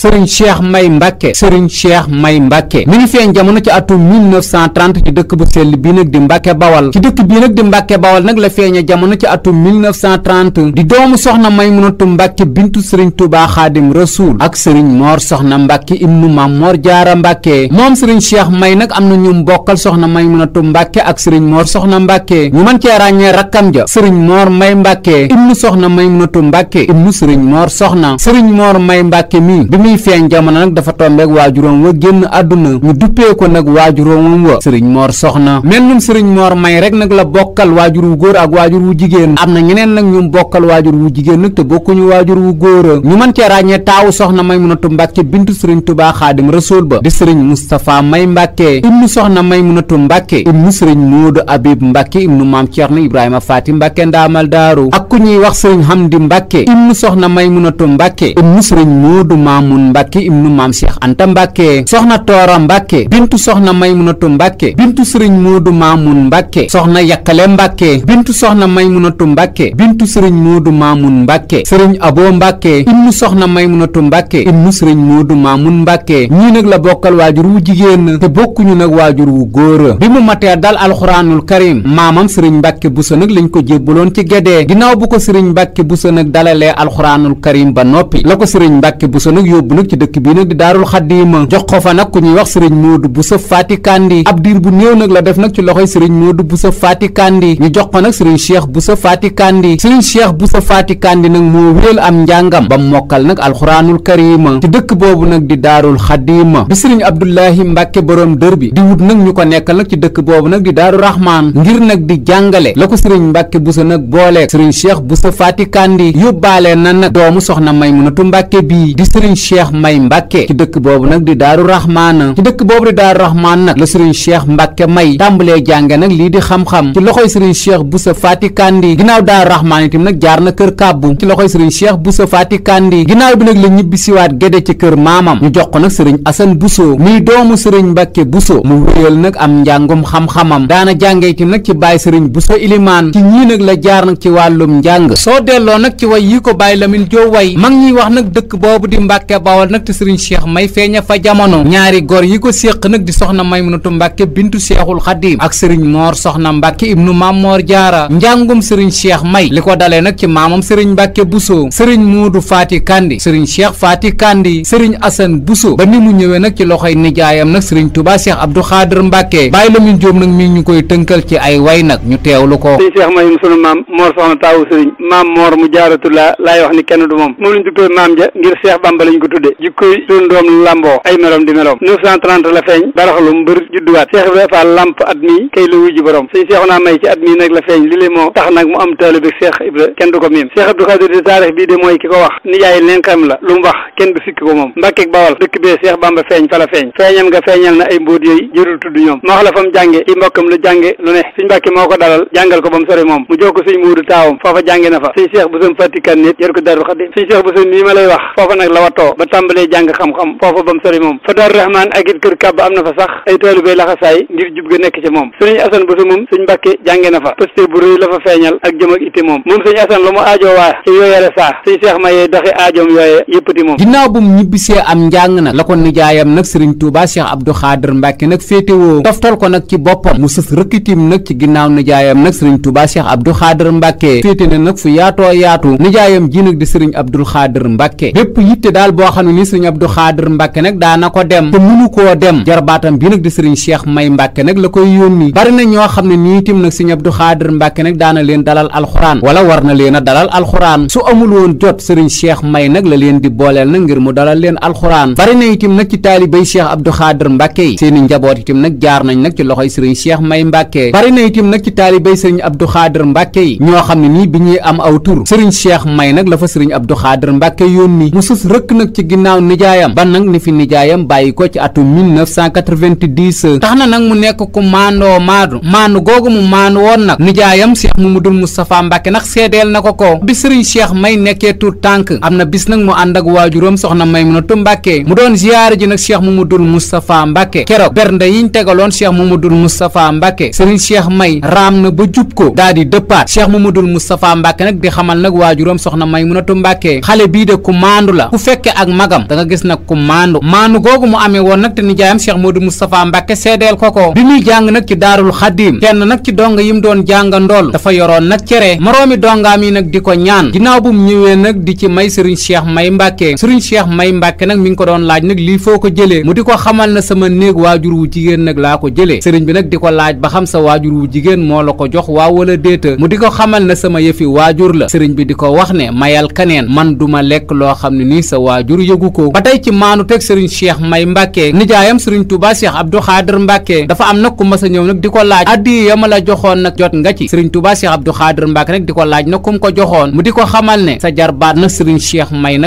sëriñ cheikh may mbàkke sëriñ cheikh may mbàkke mi ngi feeñ jamono ci atum 1930 ci dëkk bu sell bii nag di mbàkke bawal ci dëkk bii nag di mbàkke bawal nag la feeñe jamono ci atum 1930 di doomu soxna may munatu mbàkke bintu sëriñ tubaa xaadim rasuul ak sëriñ moor soxna mbàkke ibnu mamor jaara mbàkke moom sëriñ cheikh may nag am na ñu mbokkal soxna may munatu mbàkke ak sëriñ moor soxna mbàkke ñu man cee ràññee rakkam ja sëriñ moor may mbàkke ibnu soxna may mu mbàkke ibnu sëriñ moor soxna sëriñ moor may mbàkke mi muy feeñ jamono nag dafa tombeek waajuróom wa génn àdduna ñu duppee ko nag waajuróomam wa sëriñ moor soxna mennum sëriñ moor may rek nag la bokkal waajur wu góor ak waajur wu jigéen am na ñeneen nag ñum bokkal waajur wu jigéen nag te bokkuñu waajur wu góor a ñu mën cee ràññee taawu soxna maymunatu mbàkke bintu sëriñ tubaa xaadim rasool ba di sëriñ mustapha may mbàkke ibnu soxna maymunatu mbàkke ibnu sëriñ moodu abib mbàkke ibnu maam ceerno ibrahima faati mbàkke ndaamal daaru ak ku ñuy wax sëriñ hamdi mbàkke ibnu soxna maymunatu mbàkke ibnu sëriñ moodu Mamun Mbàkke ibnu maam Cheikh Anta Mbàkke soxna Toora Mbàkke bintu soxna Maymunatu Mbàkke bintu sëriñ Moodu Mamun Mbàkke soxna Yakkale Mbàkke bintu soxna Maymunatu Mbàkke bintu sëriñ Moodu Mamun Mbàkke sëriñ Abo Mbàkke ibnu soxna Maymunatu Mbàkke ibnu sëriñ Moodu Mamun Mbàkke ñii nag la bokkal waajur wu jigéen te bokkuñu nag waajur wu góor bi mu matee dal alxuraanul karim maamam sëriñ Mbàkke Buso nag lañ ko jébbaloon ci Gédé ginnaaw bu ko sëriñ Mbàkke Buso nag dalalee alxuraanul karim ba noppi la ko sëriñ Mbàkke Buso nag yóbbu nag ci dëkk bii nag di daarul xaddiima jox ko fa nag ku ñuy wax sëriñ bu Bousso faati Kandi ab diir bu néew nag la def nag ci loxoy sëriñ bu sa Fati Kandi ñu jox ko nag sëriñ Cheikh Bousso Fati Kandi sëriñ bu Bousso Fati Kandi nag moo wéel am njàngam ba mokkal nag alxuraanul karima ci dëkk boobu nag di daarul xaddiima bi sëriñ Abdoulahi Mbàkke borom dër bi di wut nag ñu ko nekkal nag ci dëkk boobu nag di daaru Rahman ngir nag di jàngale la ko sëriñ Mbàkke Bousso nag booleeg sëriñ Cheikh Bousso Fati Kandi yóbbaale na doomu soxna Maymunatu Mbàkke bii di cheikh may mbàkke ci dëkk boobu nag di daaru raxmaan ci dëkk boobu di daaru raxmaan nag la sëriñ cheikh mbàkke may tàmbalee jànge nag lii di xam-xam ci loxoy sëriñ cheikh busa faati kandi ginnaaw daaru raxmaan itam nag jaar na kër kàbbu ci loxoy sëriñ cheikh busa faati kandi ginnaaw bi nag la ñibbi siwaat géde ci kër maamam ñu jox ko nag sëriñ asan buso muy doomu sëriñ mbàkke buso mu wéyal nag am njàngum xam-xamam daana jànge itam nag ci bàyyi sëriñ buso ilimaan ci bawal nag te sëriñ cheikh may feeña fa jamono ñaari góor yi ko séq nag di soxna maymunatu mbàkke bintu seexul xadim ak sëriñ moor soxna mbàkke ibnu mammoor jaara njàngum sëriñ seex may li ko dalee nag ci maamam sëriñ mbàkke buso sëriñ muudu faati kandi sëriñ cheikh faati kandi sëriñ asan buso ba ni mu ñëwee nag ci loxoy nijaayam nag sëriñ tubaa cheikh abdou xaadir mbàkke bàyyi la mun jóom nag mi ñu koy tënkal ci ay way nag ñu lu ko sëriñ cheikh may sunu maam moor soxna mu jaaratu la tudde jikkoy suñu doom lamboo ay meloom di meloom neuf cent trente la feeñ baraxalu mbër judduwaat Cheikh Ibrahima Fall lamp at mii kay la wujji borom suñ seexu naa may ci at mii nag la feeñ li lee moo tax nag mu am taalibe Cheikh Ibra kenn du ko miim Cheikh Abdou Khadir di taarix bii de mooy ki ko wax nijaay leen xam la lu mu wax kenn du sikki ko moom Mbàkke Bawal dëkk bee Cheikh Bamba feeñ fa la feeñ feeñam nga feeñal na ay mbóot yooyu jërul tudd ñoom ma wax ba tàmbalee jàng xam-xam foofa ba mu sori moom fa Daaru Rahmaan ak it kër kàbb am na fa sax ay taalibey laxasaay ngir jub ga nekk ci moom sëriñ Asan Buso moom sëñ Mbàkke jànge na fa posté bu rëy la fa feeñal ak jëm ak itti moom moom sëñ Asan lu mu aajoo waa ci yooyale saa sëñ Seex Maye doxi aajoom yooye yëppati moom ginnaaw bu mu ñibbisee am njàng nag la ko nijaayam nag sëriñ Tuubaa Seex Abdu Xaadir Mbàkke nag féetewoo toftal ko nag ci boppam mu sës rëkkitim nag ci ginnaaw nijaayam nag sëriñ Tuubaa Seex Abdu Xaadir Mbàkke féete na nag fu yaatoo yaatu nijaayam ji nag di sëriñ Abdul Xaadir Mbàkke boo xam ne ni sëriñ Abdou Xaadir Mbàkke nag daana ko dem te mënu koo dem jarbaatam bi nag di sëriñ Cheikh May Mbàkke nag la koy yónni bari na ñoo xam ne nii itam nag sëriñ Abdou Xaadir Mbàkke nag daana leen dalal alxuraan wala war na leen a dalal alxuraan su amul woon jot sëriñ Cheikh May nag la leen di booleel nag ngir mu dalal leen alxuraan bari na itam nag ci taalibey Cheikh Abdou Xaadir Mbàkke yi seeni njaboot itam nag jaar nañ nak ci loxoy sëriñ Cheikh May Mbàkke bari na itam nag ci taalibey sëriñ Abdou Xaadir Mbàkke yi ñoo xam ne nii bi ñuy am aw tur sëriñ Cheikh May nag la ci ginnaaw nijaayam ba nag ni fi nijaayam bàyyi ko ci atum 1990 tax na nag mu nekk ku maandoo maadu maandu googu mu maandu woon nag nijaayam mu mamadul moustapha mbàkke nag seedeel na ko ko bi sëriñ cheikh may nekkee tur tànk am na bis nag mu ànd ak waajuram soxna maymunatu mbàkke mu doon ziyaare ji nag cheikh mamadul moustapha mbàkke keroog bernde yi tegaloon cheikh mamadul moustapha mbàkke sëriñ cheikh may raam na ba jub ko daal di dëppaat cheikh mamadul moustapha mbàkke nag di xamal nag waajuram soxna maymunatu mbàkke xale bii de ku maandu la ku fekke ak magam da nga gis nag ku maandu maandu googu mu amee woon nag te nijaayam cheikh Modou Moustapha Mbacke seedeel ko ko bi muy jàng nag ci daarul xadim kenn nag ci donga yim doon jàngandool dafa yoroon nag cere moroomi dongaam yi nag di ko ñaan ginnaaw bu mu ñëwee nag di ci may sëriñ cheikh may Mbacke sëriñ cheikh may Mbacke nag mi nga ko doon laaj nag lii foo ko jëlee mu di ko xamal na sama néeg waajur wu jigéen nag laa ko jëlee sëriñ bi nag di ko laaj ba xam sa waajur wu jigéen moo la ko jox waaw wala déeta mu di ko xamal na sama yëfi la sëriñ bi di ko wax ne mayal kaneen man Mansour yëgu ko ba tey ci maanu teg sëriñ Cheikh May Mbàkke nijaayam sëriñ Touba Cheikh Abdou Xaadir Mbàkke dafa am nag ku mas a di ko la joxoon ko laaj nag ku mu ko joxoon mu sa jarbaat nag sëriñ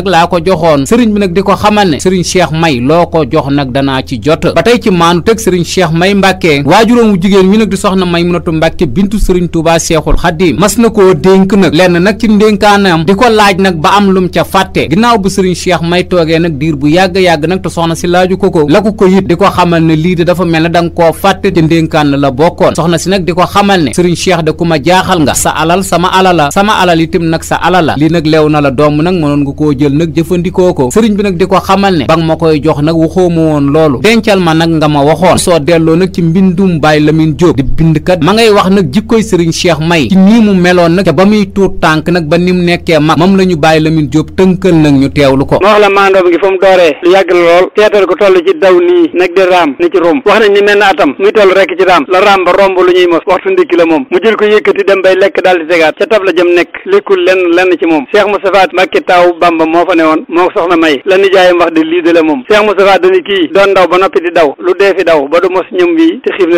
laa ko joxoon sëriñ bi nag di ko xamal ne sëriñ Cheikh May loo ko jox nag danaa ci jot ba tey ci maanu teg sëriñ Cheikh May Mbàkke waajuróom wu jigéen mi nag di soxna Maymunatu Mbàkke bintu sëriñ Touba Cheikhul Xadim mas na koo dénk nag lenn nag ci ndénkaanam di ko laaj nag ba am lum ca fàtte ginnaaw bu sëriñ Cheikh May lay toogee nag diir bu yàgg-yàgg nag te soxna si laaju ko ko la ko ko yit di ko xamal ne lii de dafa mel ne da nga koo fàtte ci ndénkaan la bokkoon soxna si nag di ko xamal ne sëriñ Cheikh de ku ma jaaxal nga sa alal sama alala sama alal itam nag sa alala lii nag leew na la doom nag mënoon nga koo jël nag jëfandikoo ko sëriñ bi nag di ko xamal ne ba nga ma koy jox nag waxoo ma woon loolu dencal ma nag nga ma waxoon soo delloo nag ci mbindum bàyyi Lamin Jóob di bindkat ma ngay wax nag jikkoy sëriñ Cheikh May ci mu meloon nag ba muy tuut tànk nag ba ni mu nekkee mag moom la ñu Baay Lamin Jóob tënkal nag ñu teewlu ko maandoom gi fa mu dooree lu yàgg la lool teetal ko toll ci daw nii nag di raam ni ci rom wax nañ ni mel atam muy toll rekk ci raam la raam ba romb lu ñuy mos waxtu ndikki la moom mu jël ko yëkkati dem bay lekk daal di tegaat ca tab la jëm nekk lekkul lenn lenn ci moom Cheikh Moustapha Mbacké taaw Bamba moo fa ne moo soxna may la nijaayam wax di lii de la moom Cheikh Moustapha dani kii doon daw ba noppi di daw lu dee fi daw ba du mos ñëm wii te xiif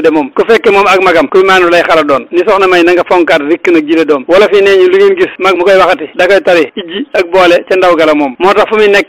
na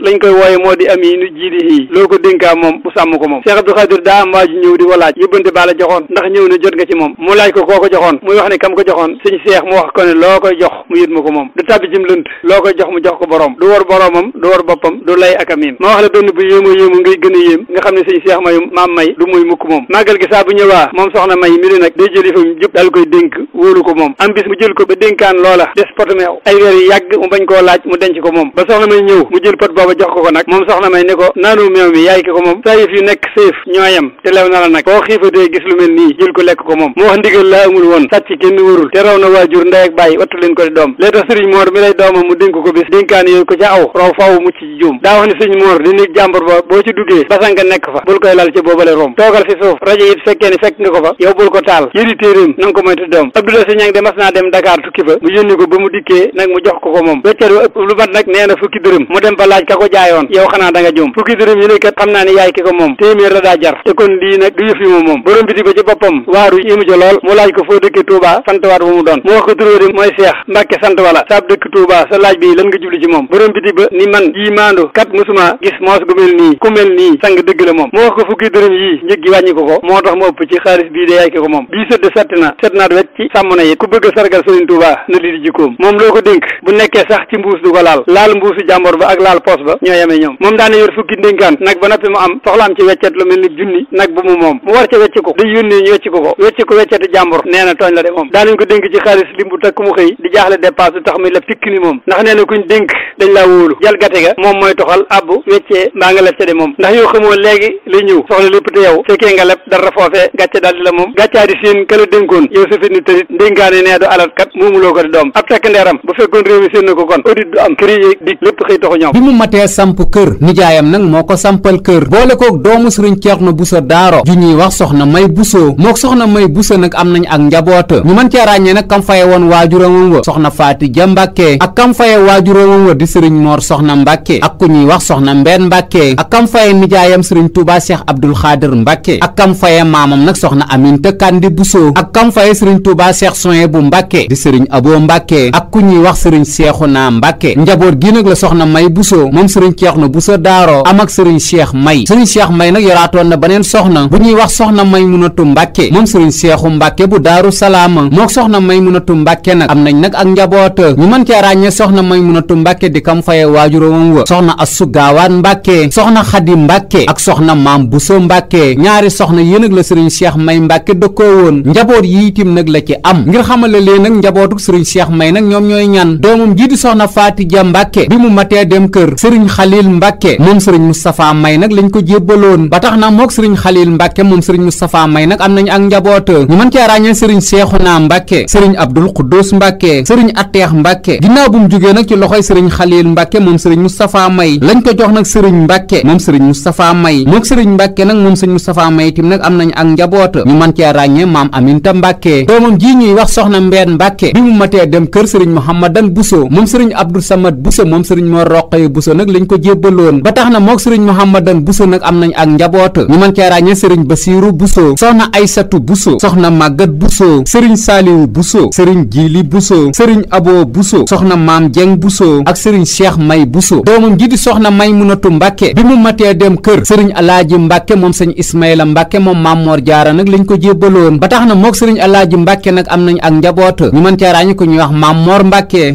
lañ koy wooye moo di am yi nu jiidihi loo ko dénkaa moom bu sàmm ko moom Cheikh Abdou Khadir daa am waa ji ñëw di ko laaj yóbbante baa joxoon ndax ñëw na jot nga ci moom mu laaj ko koo joxoon muy wax ne kam ko joxoon sëñ Cheikh mu wax ko ne loo koy jox mu yët ma ko moom du tàbbi jim lënt loo koy jox mu jox ko boroom du war boroomam du war boppam du lay ak amiim ma wax la benn bu yéemo yéemo ngay gën a yéem nga xam ne sëñ Cheikh mayum maam may ba jox ko ko nag moom soxna may ni ko naanu meew mi yaay ki ko moom saa yëf yu nekk séef ñooyam te lew na la nag boo xiifatee gis lu mel nii jël ko lekk ko moom moo wax ndigal laa amul woon sàcc kenn warul te na waajur ndey ak bàyyi wattu leen ko di doom mi lay doomam mu dénk ko bis dénkaan yooyu ko ca aw raw faaw mucc ci juum daa wax ni sëriñ moor ba boo ci duggee basanga nekk fa bul koy lal ci boobale rom toogal fi suuf rajo it fekkee ni fekk ko jaayoon yow xanaa da nga juum fukki dërëm yi lay kat xam naa ne yaay ki ko moom téeméer la daa jar te kon lii nag du yëf yi moom moom borom bi di ko ci boppam waaru yému jo lool mu laaj ko foo dëkke Touba sant waat bu mu doon mu wax ko turó di mooy Seex Mbàkke sant wala saab dëkk Touba sa laaj bi lan nga jubli ci moom borom bi ba ni man jii maandu kat musuma gis moos gu nii ku nii sang dëgg la moom mu wax ko fukki dërëm yii njëg gi wàññi a ba ñoo yemee ñoom moom daana yor fukki ndénkaan nag ba noppi mu am soxlaam ci weccet lu mel ni junni nag bu mu moom mu war ca wecc ko di yónni ñu wecc ko ko wecc ko weccetu jàmbur nee na tooñ la de moom daanañ ko dénk ci xaalis lim takk mu xëy di jaaxle dépasse du tax muy la pikk ni moom ndax nee na kuñ dénk dañ laa wóolu jalgate ga moom mooy toxal abbu weccee mbaa nga leb ca de moom ndax yoo xamoo léegi li ñëw soxla lépp te yow fekkee nga fee samp kër nijaayam nag moo ko sampal kër boole koog doomu sëriñ Ceerno Buso Daaro ju ñuy wax soxna May Buso mook soxna May Buso nag am nañ ak njaboota ñu mën cee ràññee nag kam woon waajuramam wa soxna Faati Ja Mbàkke ak kam faye waajuramam wa di sëriñ Moor soxna Mbàkke ak ku ñuy wax soxna Mbeen mbakke ak kam faye nijaayam sëriñ Tuubaa Cheikh Abdul Xaadir Mbàkke ak kam faye maamam nag soxna Aminta Kandi Buso ak kam faye sëriñ Tuubaa Cheikh bu Mbàkke di sëriñ Abo Mbàkke ak ku ñuy wax sëriñ Seexuna Mbàkke njaboot gi nag la soxna May Buso moom moom sëriñ Ceerno Buso Daaro am ak sëriñ Cheikh May sëriñ Cheikh May nag yoraatoon na beneen soxna bu ñuy wax soxna Maymunatu Mbàkke moom sëriñ Seexu Mbàkke bu Daaru Salaama mook soxna Maymunatu Mbàkke nag am nañ nag ak njaboot ñu man cee ràññee soxna Maymunatu Mbàkke di kam faye waajuróom wa soxna Assu Gaawaan Mbàkke soxna Xadi Mbàkke ak soxna Maam Buso Mbàkke ñaari soxna yéen ak la sëriñ Cheikh May Mbàkke dëkkoo woon njaboot yi itim nag la ci am ngir xamale leen nag njabootuk sëriñ Cheikh May nag ñoom ñooy ñan doomum sëriñ xalil mbàkke moom sëriñ moustapha may nag lañ ko jébbaloon ba tax na mook sëriñ xalil mbàkke moom sëriñ moustapha may nag am nañu ak njaboot ñu mën cee ràññee ci loxoy sëriñ xalil mbàkke moom sëriñ moustapha may lañ ko jox nag sëriñ mbàkke moom sëriñ moustapha may mook sëriñ mbàkke nag moom sëriñ moustapha may tim nag am nañu ak njaboot ñu mën cee ràññee maam aminta mbàkke doomam ji ñuy wax soxna mbeen mbàkke bi mu matee dem kër sëriñ mouhamadan buso moom sëriñ abdou samad buso moom sëriñ moo buso nag nag lañ ko jébbaloon ba tax na mook sëriñ Mouhamadan Bousso nag am nañ ak njaboota ñu mën cee ràññee sëriñ Basiiru Bousso soxna Aysatu Bousso soxna Màggat Bousso sëriñ Saaliwu Bousso sëriñ Jiili Bousso sëriñ Abo Bousso soxna Maam Jeng Bousso ak sëriñ Cheikh May Bousso doomam ji di soxna May Munatu Mbàkke bi mu matee dem kër sëriñ Alaaji Mbàkke moom sëñ Ismaïla Mbàkke moom Maam Moor Jaara nag lañ ko jébbaloon ba tax na mook sëriñ Alaaji Mbàkke nag am nañ ak njaboota ñu mën cee ko ñuy wax Maam Moor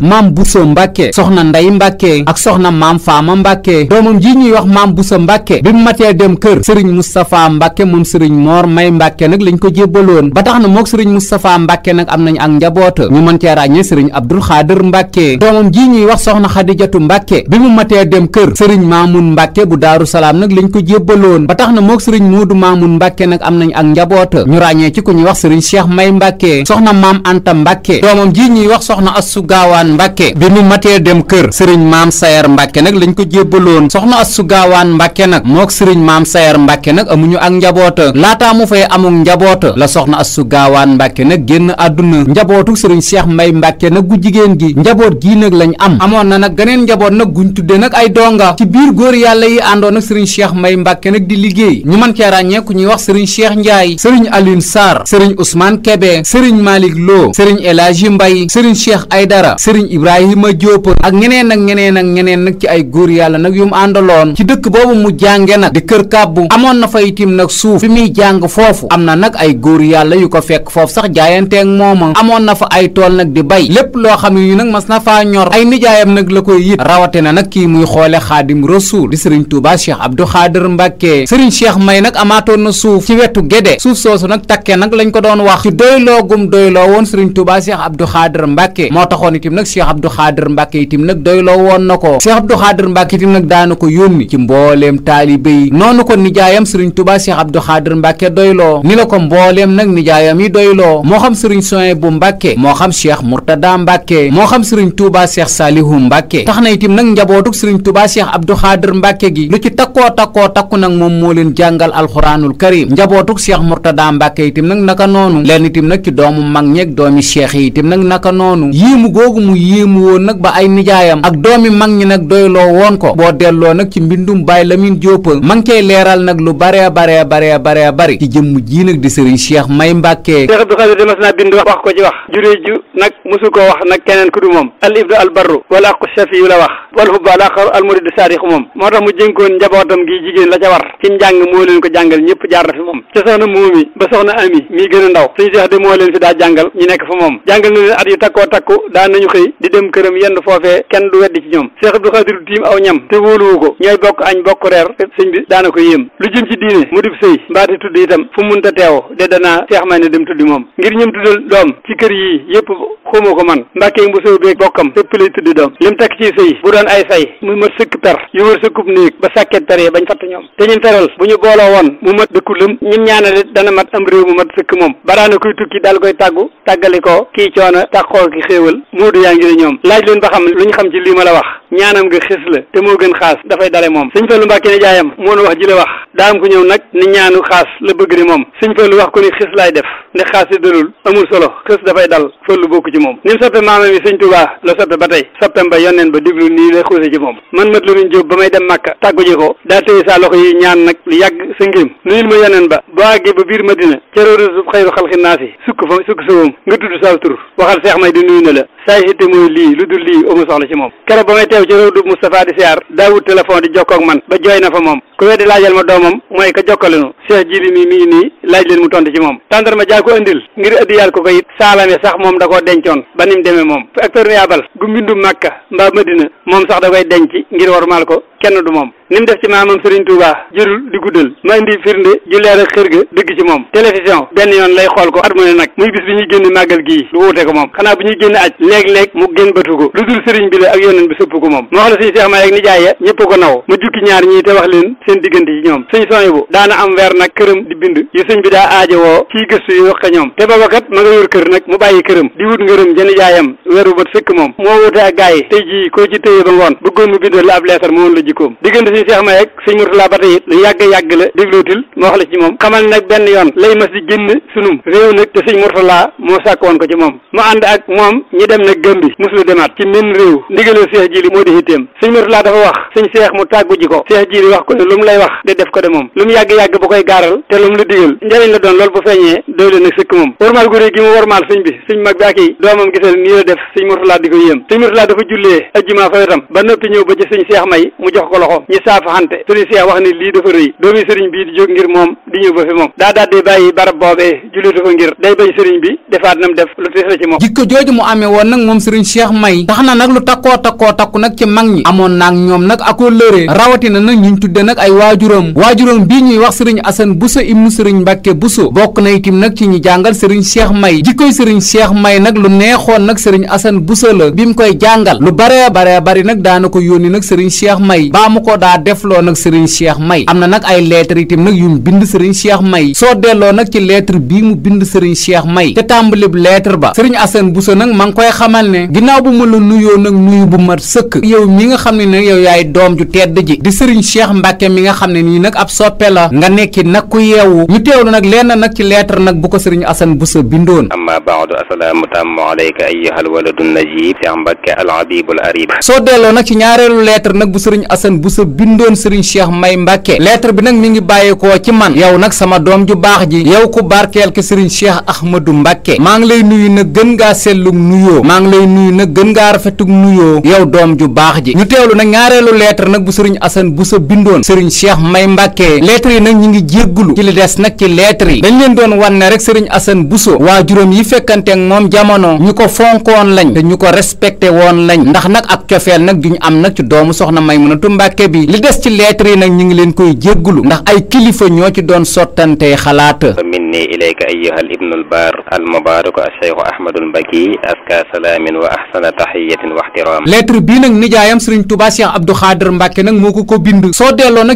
Maam Bousso Mbàkke soxna Nday Mbàkke ak soxna Maam Fa Faama Mbàkke doomam ji ñuy wax maam Busa Mbàkke bi mu matee dem kër sëriñ Moustapha Mbàkke moom sëriñ Moor May Mbàkke nak lañ ko jébbaloon ba tax na mook sëriñ Moustapha Mbàkke nag am nañ ak njaboota ñu mën cee ràññee sëriñ Abdul Xaadir Mbàkke doomam jii ñuy wax soxna Xadijatu Mbàkke bi mu matee dem kër sëriñ Maamun Mbàkke bu Daaru Salaam nag lañ ko jébbaloon ba tax na mook sëriñ Muudu Maamun Mbàkke nag am nañ ak njaboota ñu ràññee ci ku ñuy wax sëriñ Cheikh May Mbàkke soxna Maam Anta Mbàkke doomam ji ñu wax soxna Assu Gaawaan Mbàkke bi mu matee dem kër sëriñ Maam Sayer Mbàkke lañ ko jébbaloon soxna assu gaawaan mbàkke nag mook sëriñ maam sayer mbàkke nag amuñu ak njaboota laataa mu fay amuk njaboota la soxna assu gaawaan mbàkke nag génn àdduna njabootu sëriñ seex mbay mbàkke nag gu jigéen gi njaboot gii nag lañ am amoon na nag ganeen njaboot nag guñ tudde nag ay donga ci biir góor yàlla yi àndoon ak sëriñ cheikh mbay mbàkke nag di liggéey ñu man cee ràññee ku ñuy wax sëriñ cheikh ndiaye sëriñ alioune sarr sëriñ ousmane kebe sëriñ malik lo sëriñ elaaji mbay sëriñ cheikh aydara sëriñ ibrahima diop ak ñeneen ak ñeneen ak ci ay góor yàlla nag yu mu àndaloon ci dëkk boobu mu jànge nag di kër kàbbu amoon na fa itim nag suuf bi muy jàng foofu am na nag ay góor yàlla yu ko fekk foofu sax jaayanteeg mooma amoon na fa ay tool nag di bay lépp loo xam ne yu nag mas na faa ñor ay nijaayam nag la ko yit rawate na nag kii muy xoole xaadim rasuul di sëriñ Touba Cheikh Abdou Khadir Mbacke sëriñ Cheikh May nag amaatoon na suuf ci wetu Gédé suuf soosu nag takke nag lañ ko doon wax ci doyloogum doyloo woon sëriñ Touba Cheikh Abdou Khadir Mbacke moo taxoon itim nag Cheikh Abdou Khadir Mbacke itim na ko Xaadir Mbàkke itam nag daana ko yónni ci mbooleem taalibe yi noonu ko nijaayam sëriñ Tuubaa Cheikh Abdou Xaadir Mbàkke doyloo ni la ko mbooleem nag nijaayam yi doyloo moo xam sëriñ Soye bu Mbàkke moo xam Cheikh Murtada Mbàkke moo xam sëriñ Tuubaa Cheikh Saalihu Mbàkke tax na itam nag njabootuk sëriñ Tuubaa Cheikh Abdou Xaadir Mbàkke gi lu ci takkoo takkoo takku nag moom moo leen jàngal alxuraanul karim njabootuk Cheikh Murtada Mbàkke itam nag naka noonu leen itam nag ci doomu mag ñeeg doomi cheikh yi itam nag naka noonu yéemu googu woon ko boo delloo nag ci mbindum Baye Lamine Diop ma ngi koy leeral nag lu bare bare bare bare ci jëmm ji nag di sëriñ Cheikh May Mbàkke Cheikh Abdou Khadir mas naa bind wax ko ci wax juré ju nag mosu ko wax nag keneen ku du moom al ibnu al barru wala aqu shafi la wax wal hubbu al aqar al muridu saadiqu moom moo tax mu jënkoon njabootam gi jigéen la ca war ci njàng moo leen ko jàngal ñëpp jaar na fi moom te soxna moomi ba soxna ami mii gën a ndaw ñu nekk moom jàngal na yu takkoo takku daa nañu xëy di dem këram yenn foofee kenn du weddi ci ñoom Cheikh mboolem aw ñam te wóoluwu ko ñooy bokk añ bokk reer sëñ bi daana ko yéem lu jëm ci diine mu dib sëy mbaati tudd itam fu munta teewo de danaa seex may ne dem tuddi moom ngir ñëm tuddal doom ci kër yii yëpp xóomoo ko man mbàkkee bu sow bokkam lépp lay tuddi doom lim takk ci sëy bu doon ay say mu mat sëkk per yu wër sëkkub néeg ba sàkket peree bañ fatt ñoom te ñun teral bu ñu booloo woon mu mat dëkku lëm ñim ñaanale dana mat am réew mu mat sëkk moom baraana koy tukki daal koy ko ki xéewal moodu yaa ngi ñoom laaj leen ba xam luñ xam ci ma la wax la te moo gën xaas dafay dale moom sëñ Fallu Mbàkke ne jaayam moo nu wax ji la wax daa am ku ñëw nag ni ñaanu xaas la bëgg di moom sëñ Fallu wax ko ni xis laay def ndax xaas di dalul amul solo xis dafay dal Fallu bokk ci moom ni mu soppe maama bi sëñ la soppe ba tey soppem ba ba diglu nii la xuuse ci moom man mat lu nuñ jóob ba may dem Màkka tàggu ji ko daa téye saa loxo yi ñaan nag lu yàgg sa ngirim ma yonneen ba boo àggee ba biir Madina saahite muy lii lu dul lii amu soxla ci moom keroog ba may teew ci réew du Moustapha di siyaar daawut téléphone di jokkoo ak man ba jooy na fa moom ku laajal ma doomam mooy ka jokkalinu Cheikh Jibi mi mi ngi nii laaj leen mu tontu ci moom tàndarma jaa ko indil ngir addiyal ko ko it saalame sax moom da koo dencoon ba ni mu demee moom ak perméable gu mbindu Màkka mbaa Madina moom sax da koy denc ngir warmal ko kenn du moom ni mu def ci maamam Serigne Touba jërul di guddal ma indi firnde ju ak xër ga dëgg ci moom télévision benn yoon lay xool ko at mu ne nag muy bis bi ñuy génn màggal la ak yoneen bi sëpp ko moom moo xam ne suñu si xamaa ak nijaay seen diggante yi ñoom sëñ sony bu daana am weer nag këram di bind yu sëñ bi daa aajowoo ciy gëstu yu wax ñoom te boobakat ma nga yor kër nag mu bàyyi këram di wut ngërëm jënd jaayam weeru bët sëkk moom moo wute ak gars yi tey jii koo ci téye ba ngoon bëggoon mu bindal la ab leetar moo woon la jikkoom diggante sëñ Cheikh Maye ak sëñ Murtala ba tey lu yàgg yàgg la déglootil ma wax la ci moom xamal nag benn yoon lay mas di génn sunum réew nag te sëñ mu ànd lu mu lay wax de def ko de moom lu mu yàgg-yàgg ba koy gaaral te lu mu lu digal njëriñ la doon loolu bu feeñee doy la nag sëkk moom warmaal gu réy gi mu warmaal suñ bi suñ mag bi ak yi doomam gisal nii la def suñ murtalaa di ko yéem suñ murtalaa dafa jullee ajjumaa fa wetam ba noppi ñëw ba ci suñ seex may mu jox ko loxo ñi saafaxante suñu seex wax ni lii dafa rëy doomi sëriñ bii di jóg ngir moom di ñëw ba fi moom daa di bàyyi barab boobee jullitu na nag lu takkoo takkoo takku ay waajuram waajuram bii ñuy wax sëriñ Assane Bousso ibnu sëriñ Mbàkke Bousso bokk na itim nag ci ñu jàngal sëriñ Cheikh May jikkoy sëriñ Cheikh May nag lu neexoon nag sëriñ Assane Bousso la bi mu koy jàngal lu bare bare bari nag daana ko yónni nag sëriñ Cheikh May baa mu ko daa defloo nag sëriñ Cheikh May am na nag ay lettre itim nag yu mu bind sëriñ Cheikh May soo delloo nag ci lettre bii mu bind sëriñ Cheikh May ca tàmbalib lettre ba sëriñ Assane Bousso nag ma ngi koy xamal ne ginnaaw bu ma la nuyoo nag nuyu bu mat sëkk yow ñi nga xam ne nag yow yaay doom ju tedd ji di sëriñ Cheikh Mbàkke mi nga xam ne nii nag ab soppe la nga nekki nag ku yeewu ñu teewlu nag lenn nag ci lettre nag bu ko sëriñ Assane Bousso bindoon amma baadu asalaamu taamu alayka ayyuhal waladu najib soo delloo nag ci ñaareelu lettre nag bu sëriñ Assane Bousso bindoon sëriñ Cheikh May Mbacke lettre bi nag mi ngi bàyyeekoo ci man yow nag sama doom ju baax ji yow ku barkeel ki sëriñ Cheikh Ahmadou Mbacke maa ngi lay nuyu nag gën ngaa sellug nuyoo maa ngi lay nuyu nag gën ngaa rafetug nuyoo yow doom ju baax ji ñu teewlu nag ñaareelu lettre nag bu sëriñ Assane Bousso bindoon sëriñ Cheikh May Mbàkke lettre yi nag ñi ngi jéggulu ci li des nag ci lettre yi dañ leen doon wan ne rek sëriñ Assane Bousso waajuram yi fekkante moom jamono ñu ko fonkoon lañ te ñu ko respecté woon lañ ndax nag ak cofeel nag ñu am nag ci doomu soxna Maymunatu Mbàkke bi li des ci lettre yi nag ñu ngi leen koy jéggulu ndax ay kilifa ñoo ci doon sottantey xalaata minni ilayka ayyuhal ibnul baar al mubaarak ash-shaykh ahmadul mbaki aska salaamin wa ahsana tahiyatin wa ihtiraam lettre bii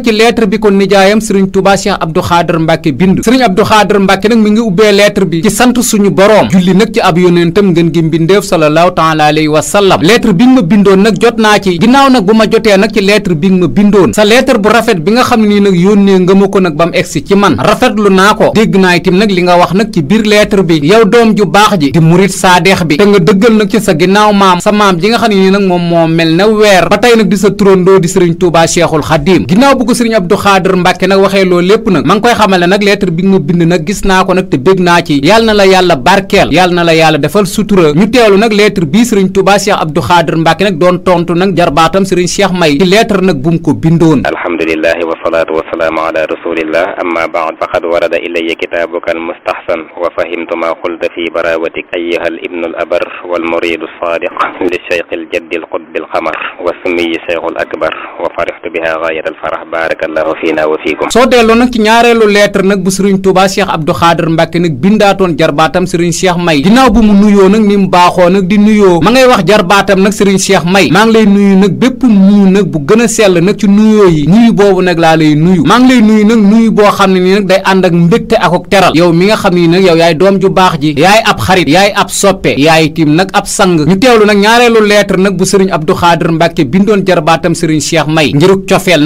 na ci bi ko nijaayam sëriñ Touba Cheikh Abdou Khader Mbacke bind sëriñ Abdou Khader Mbacke nag mi ngi ubbee lettre bi ci sant suñu boroom julli nag ci ab yonentam ngeen gi mbindeef sallallahu taala alayhi wa sallam lettre bi nga ma bindoon nag jot naa ci ginnaaw nag bu ma jotee nag ci lettre bi ma bindoon sa lettre bu rafet bi nga xam nii nag yónnee nga ma ko nag ba mu egsi ci man rafetlu naa ko dégg naa itam nag li nga wax nag ci biir lettre bi yow doom ju baax ji di murit saadeex bi te nga dëggal nag ci sa ginnaaw sa maam ji nga xam ne nii nag moom moo mel na weer ba tey nag di sa turandoo di sëriñ Touba Cheikhul Khadim ginnaaw bu ko sëriñ Abdou Xaadir Mbàkke nag waxee loolu lépp nag ma ngi koy xamal ne nag lettre bi nga bind nag gis naa ko nag te bég naa ci yàlla na la yàlla barkeel yàlla na la yàlla defal sutura ñu teewlu nag lettre bii sëriñ Touba Cheikh Abdou Xaadir Mbàkke nag doon tontu nag jarbaatam sëriñ Cheikh May ci lettre nag bu mu ko bindoon alhamdulillahi wasalaatu wasalaamu ala rasulillah amma baad faqad warada ilaya kitaabuka almustahsan wa fahimtu ma qulta fi barawatik ayyuha al ibnu al abar walmuridu alsadiq li cheikh aljaddi alqutbi alxamar wa sumiyi cheikhu al akbar wa farixtu biha gaayat alfarax wa soo delloo nag ci ñaareelu lettre nag bu sëriñ Touba Cheikh Abdou Khader Mbacke nag bindaatoon jarbaatam sëriñ Cheikh May ginnaaw bu mu nuyoo nag ni mu baaxoo nag di nuyoo ma ngay wax jarbaatam nag sëriñ Cheikh May maa ngi lay nuyu nag bépp nuyu nag bu gën a sell nag ci nuyoo yi nuyu boobu nag laa lay nuyu maa ngi lay nuyu nag nuyu boo xam ne ni nag day ànd ak mbégte ak ak teral yow mi nga xam ne nag yow yaay doom ju baax ji yaay ab xarit yaay ab soppe yaay tim nag ab sang ñu teewlu nag ñaareelu lettre nag bu sëriñ Abdou Khader Mbacke bindoon jarbaatam sëriñ Cheikh May ngiruk cofeel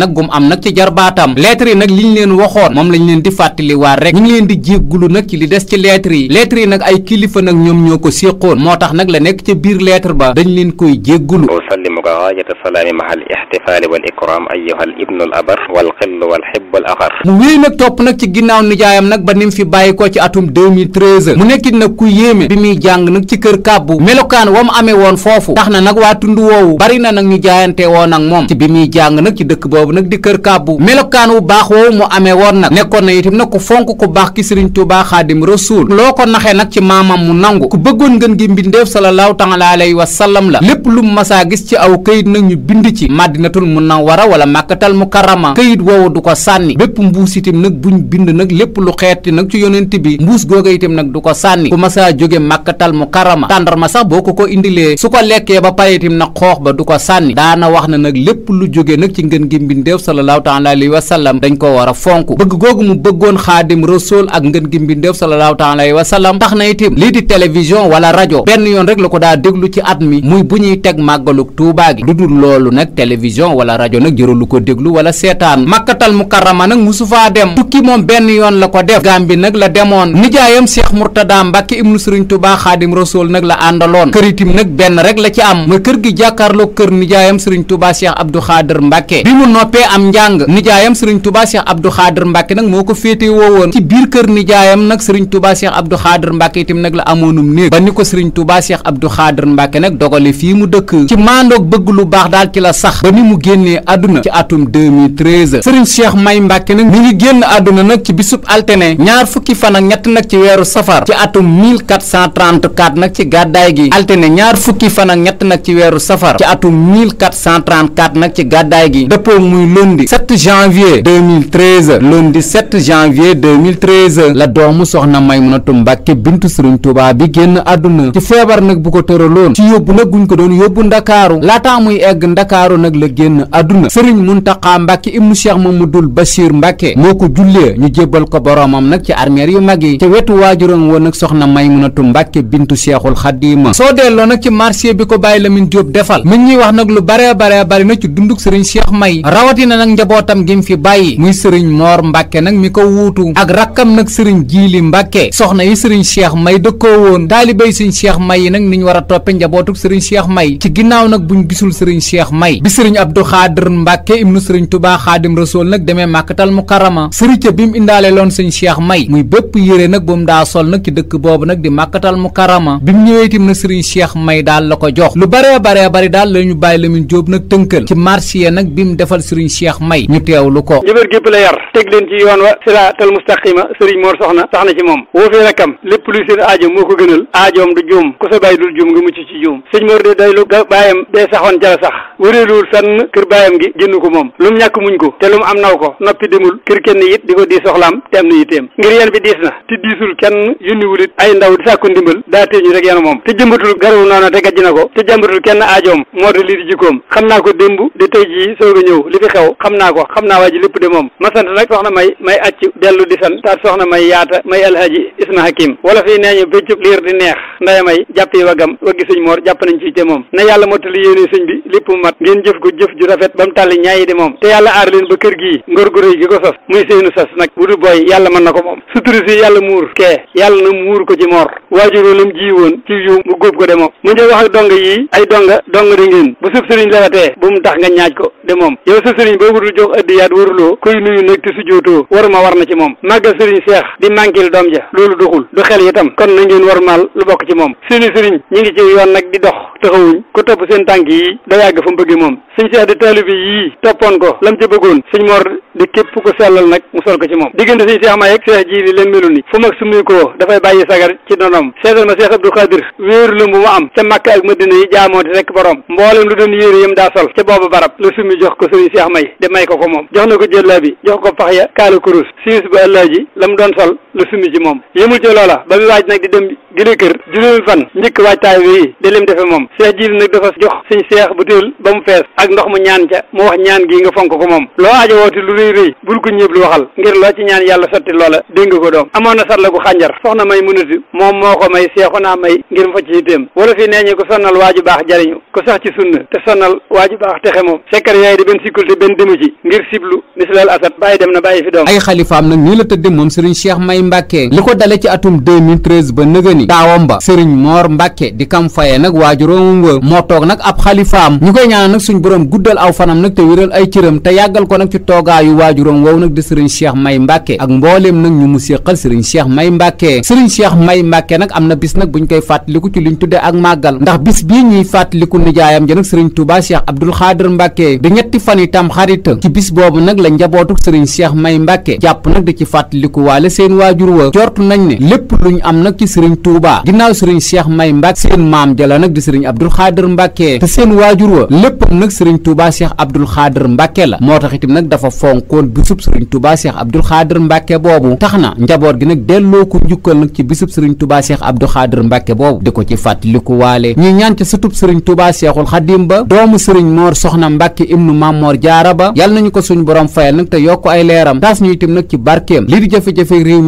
nag ci jarbaatam lettre yi nag liñ leen waxoon moom lañ leen di fàttaliwaat rek ñu ngi leen di jéggulu nag ci li des ci lettre yi lettre yi nag ay kilifa nag ñoom ñoo ko séqoon moo tax nag la nekk ci biir lettre ba dañ leen koy jéggulu usallimuka gaayata salaami maha al ixtifaali wal ikram ayyuha al ibnu al wal xill wal mu wéy topp nag ci ginnaaw nijaayam nag ba nim fi bàyyi ko ci atum 2013 mu nekkit nag ku yéeme bi muy jàng nag ci kër kàbbu melokaan wa mu amee woon foofu tax na nag waa tund woowu bari na nag ñu jaayante woon ak moom bi muy jàng nag ci dëkk boobu nag di melokaan bu melokaan wu baax woowu mu amee woon nag nekkoon na itam ku fonk ku baax ki sëriñ Tuubaa xaadim rasuul loo ko naxee nag ci maamam mu nangu ku bëggoon ngën gi mbindeef salallaahu taala alayhi wa sallam la lépp lu mu masaa gis ci aw këyit nag ñu bind ci màddinatul munawwara wala màkkatal mukarrama këyit woowu du ko sànni bépp mbuus itam nag buñ bind nag lépp lu xeeti nag ci yonent bi mbuus googa itam nag du ko sànni ku masaa jóge màkkatal mukarrama tàndarma sax boo ko ko indilee su ko lekkee ba pare itam nag xoox ba du ko sànni daana wax na nag lépp lu jóge nag ci ngën gi mbindeef wa sallam dañ a fonk bëgg mu bëggoon xaadim rasul ak ngën gi mbindeef sallallahu taala alayhi wa sallam tax na itim lii di télévision wala rajo benn yoon rek la ko daa déglu ci at mi muy bu ñuy teg màggaluk tuubaa gi lu dul loolu nag télévision wala rajo nag jëralu ko déglu wala seetaan màkkatal mukarrama nag musu faa dem tukki moom benn yoon la ko def gambi nag la demoon nijaayam cheikh murtada mbàkke ibnu sëriñ tuubaa xaadim rasul nag la àndaloon kër itim nag benn rek la ci am mooy kër gi jàkkaarloo kër nijaayam sëriñ tuubaa cheikh abdou xaadir mbàkke bi jàng nijaayam sëriñ Touba Cheikh Abdou Khader Mbacke nag moo ko féete woo woon ci biir kër nijaayam nag sëriñ Touba Cheikh Abdou Khader Mbacke nag la amoonum néeg ba ni ko sëriñ Touba Cheikh Abdou Khader Mbacke nag dogale fii mu dëkk ci maandoog bëgg lu baax daal ci la sax ba ni mu génnee àdduna ci atum 2013 sëriñ Cheikh May Mbacke nag mi ngi génn àdduna nag ci bisub altene ñaar fukki fan ak ñett nag ci weeru safar ci atum 1434 nag ci gàddaay gi altene ñaar fukki fan ak nag ci weeru safar ci atum 1434 nag ci gàddaay gi dëppoo 7 janvier 2013 lundi 7 janvier 2013 la doomu soxna may Maymunatu Mbàkke bintu Sëriñ Tuubaa bi génn àdduna ci feebar nag bu ko tëraloon ci yóbbu nag guñ ko doon yóbbu ndakaaru laataa muy egg ndakaaru nag la génn àdduna Sëriñ Muntaxa Mbàkke ibnu Cheikh Mamadul Bachir Mbàkke moo ko jullee ñu jébbal ko boroomam nag ci armeer yu mag yi ca wetu waajuram woon nag soxna may Maymunatu Mbàkke bintu Cheikhul ma soo delloo nag ci marché bi ko Baye Lamine Diop defal mi ñuy wax nag lu bare bare bare na ci dunduk Sëriñ Cheikh May rawatina njabootam gi mu fi bàyyi muy sëriñ moor mbàkke nag mi ko wuutu ak rakkam nag sëriñ jiili mbàkke soxna yi sëriñ cheikh may dëkkoo woon taalibéy sëriñ cheikh may yi nag ni ñu war a toppe njabootuk sëriñ cheikh may ci ginnaaw nag buñ gisul sëriñ cheikh may bi sëriñ abdu xaadir mbàkke ibnu sëriñ tubaa xaadim rasool nag demee màkkatal mukarama sërite bi mu indaale loon sëriñ cheikh may muy bépp yére nag bu mu daa sol nag ci dëkk boobu nag di màkkatal mukarama bi mu ñëwee itam nag sëriñ cheikh may daal la ko jox lu baree baree bari daal la ñu bàyyi Lamine Jóob nag tënkal ci marché nag bi mu defal sëriñ may ñu teewlu ko njëbër gépp la yar teg leen ci yoon wa siraatal mustaqima sëriñ Mor Soxna sax na ci moom woo fi rakkam lépp luy seen aajo moo ko gënal aajoom du juum ku sa bàyyi dul juum nga mucc ci juum sëñ Mor de day lu ga bàyyam dee saxoon jala sax wëreelul sann kër bàyyam gi génn ko moom lu mu ñàkk muñ ko te lu mu am naw ko noppi demul kër kenn it di ko di soxlaam te am na yitteem ngir yéen bi diis na te diisul kenn yónniwul it ay a naa ko xam naa waa ji lépp de moom ma sant nag soxna may may acc dellu di sant taat soxna may yaata may alhaji isna hakim wala fii nee ñu béccub liir di neex ndaya may jàpp yi waggam waggi suñ moor jàpp nañ fii te moom na yàlla mottali yéene sëñ bi lépp mu mat ngeen jëf ko jëf ju rafet ba mu tàlli ñaayi di moom te yàlla aar ba kër gii ngor gu rëy gi ko sos muy seenu sas nag bu du booy yàlla mën na ko moom suturu si yàlla muur kee yàlla na mu góob warul jox addiyaat waruloo kuy nuyu nag te sujootoo waruma war na ci moom màggal sëriñ seex di mànkil doom ja loolu doxul du xel itam kon na ngeen lu bokk ci moom seeni sëriñ ñi ngi ci yoon nag di dox taxawuñ ko topp seen tànk yi da fa mu moom sëñ seex di taalibe yii toppoon ko lam ca bëggoon sëñ mor di képp ko sellal nag mu sol ko ci moom diggante sëñ seex maayeg seex ji li leen melu ni fu mag summi ko dafay bàyyi sagar ci donom seetal ma seex abdou xaadir wéeru la ma am ca màkk ak madina yi jaamooti rekk borom mboolem lu doon yéere yam daa sol ca booba barab la summi jox ko sëñ seex may di may ko ko moom jox na ko jëllaa bi jox ko pax ya kaala kurus siis ba àllaa ji la mu doon sol la summi ci moom yëmul ca loola ba mu waaj gile kër juróomi fan njëkk waajtaay wi di lim defe moom seex jiili nag dafa jox suñ seex butéel ba mu fees ak ndox mu ñaan ca mu wax ñaan gi nga fonk ko moom loo aajo wooti lu rëy rëy bul ko ñéeb lu waxal ngir loo ci ñaan yàlla sotti loola dégg ko doom amoon na sarla gu xànjar soxna may munati moom moo ko may seexu naa may ngir mu fa ci téem wala fi nee ñi ko sonnal waaju baax jariñu ko sax ci sunna te sonnal waaju baax texe moom sekkar ni taawam ba sëriñ moor mbàkke di kam faye nag waajuróomam wa moo toog nag ab xalifaam ñu koy ñaanal nag suñ borom guddal aw fanam nag te wéral ay cëram te yàggal ko nag ci toogaayu waajuróom wow nag di sëriñ cheikh may mbàkke ak mbooleem nag ñu mu séqal sëriñ cheikh may mbàkke sëriñ cheikh may mbàkke nag am na bis nag buñ koy fàttaliku ci liñ tudde ak màggal ndax bis bii ñuy fàttaliku nijaayam ja nag sëriñ touba cheikh abdul xaadir mbàkke di ñetti fan itam xarit ci bis boobu nag la njabootu sëriñ cheikh may mbàkke jàpp nag di Touba ginnaaw sëriñ Cheikh May Mbacke seen maam jala nag di sëriñ Abdul Xaadir Mbacke te seen waajur wa léppam nag sëriñ Touba Cheikh Abdul Xaadir Mbacke la moo tax itam nag dafa fonkoon bisub sëriñ Touba Cheikh Abdul Xaadir Mbacke boobu tax na njaboot gi nag delloo ko njukkal nag ci bisub sëriñ Touba Cheikh Abdul Xaadir Mbacke boobu di ko ci fàttaliku waale ñuy ñaan ca sëtub sëriñ Touba Cheikhul Xadim ba doomu sëriñ Moor Soxna Mbacke ibnu Mamor Jaara ba yàlla nañu ko suñ borom fayal nag te yokk ay leeram taas ñu itam nag ci barkeem lii di jafe-jafe réew